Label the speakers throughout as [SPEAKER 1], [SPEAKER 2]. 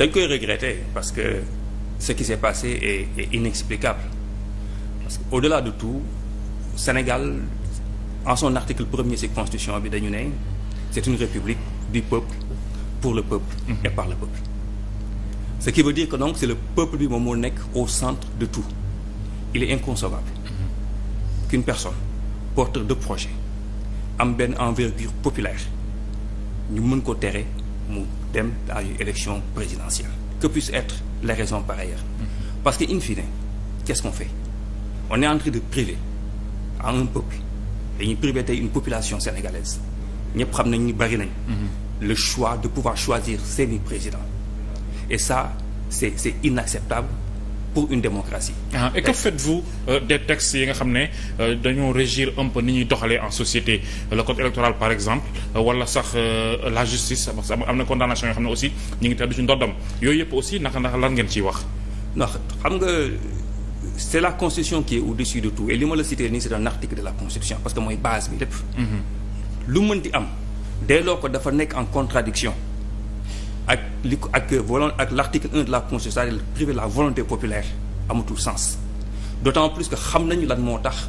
[SPEAKER 1] dañ koy regretter parce que ce qui s'est passé est, est inexplicable parce que au-delà de tout Sénégal en son article premier ci constitution bi dañu ne c'est une république du peuple pour le peuple mhm. et par le peuple ce qui veut dire que c'est le peuple bi moom moo nekk au centre de tout il est inconcevable mhm. qu'une personne porteur de projet am benn envergure populaire ñu mën ko tere mu dem à une élection présidentielle que puissent être les raisons par ailleurs mm-hmm. parce que in fine qu'est-ce qu'on fait on est en de priver à un peuple dañuy priver tey une population sénégalaise ñëpp xam nañ ñu bëri nañ mm-hmm. le choix de pouvoir choisir seeni président et ça c'est inacceptable pour une démocratie. Ah, et que faites-vous euh, des yi nga xam ne euh, dañoo régir un peu ni ñuy doxalee en société le code électoral par exemple euh, wala sax euh, la justice parce que am na condamnation yoo xam ne ngi teddu ci ndoddam yooyu yëpp aussi naka naka lan ngeen ciy wax. ndax xam nga c'est la constitution qui est au-dessus de tout et li ma la cité nii c'est un article de la constitution parce que mooy base bi lépp. Mhm. lu mën di am de lors que dafa nekk en contradiction ak li ak volon ak l'article 1 de la constitution c'est-à-dire priver la volonté populaire amatul sens d'autant plus que xam nañu lan moo tax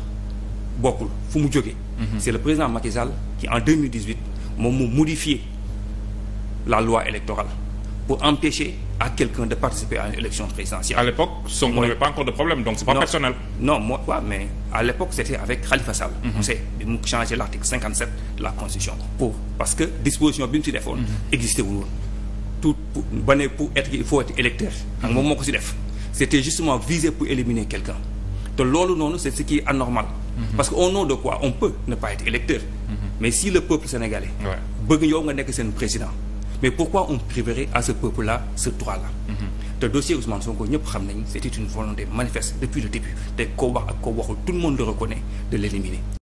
[SPEAKER 1] bokkul fu mu jógee mhm. c'est le président Macky Sall qui en 2018 moom mu modifié la loi électorale pour empêcher à quelqu'un de participer à une élection présidentielle. À l'époque, Sonko n'avait pas encore de problème, donc c'est pas non, personnel. Non, moi, mais à l'époque, c'était avec Khalifa Sall. Mm -hmm. l'article de la Constitution que disposition bi mu ci defoon mhm. existé wul tout ba ne pour être il faut être électeur moom moo ko si def c'était justement visé pour éliminer quelqu'un te loolu noonu c'est ce qui est anormal mhm. parce que au nom de quoi on peut ne pas être électeur mhm. mais si le peuple sénégalais bëgg yow nga nekk seen président mais pourquoi on priverait à ce peuple là ce droit là mhm. te dossier Ousmane Sonko ñëpp xam nañ c'était une volonté manifeste depuis le début te ko wax ak koo waxul tout le monde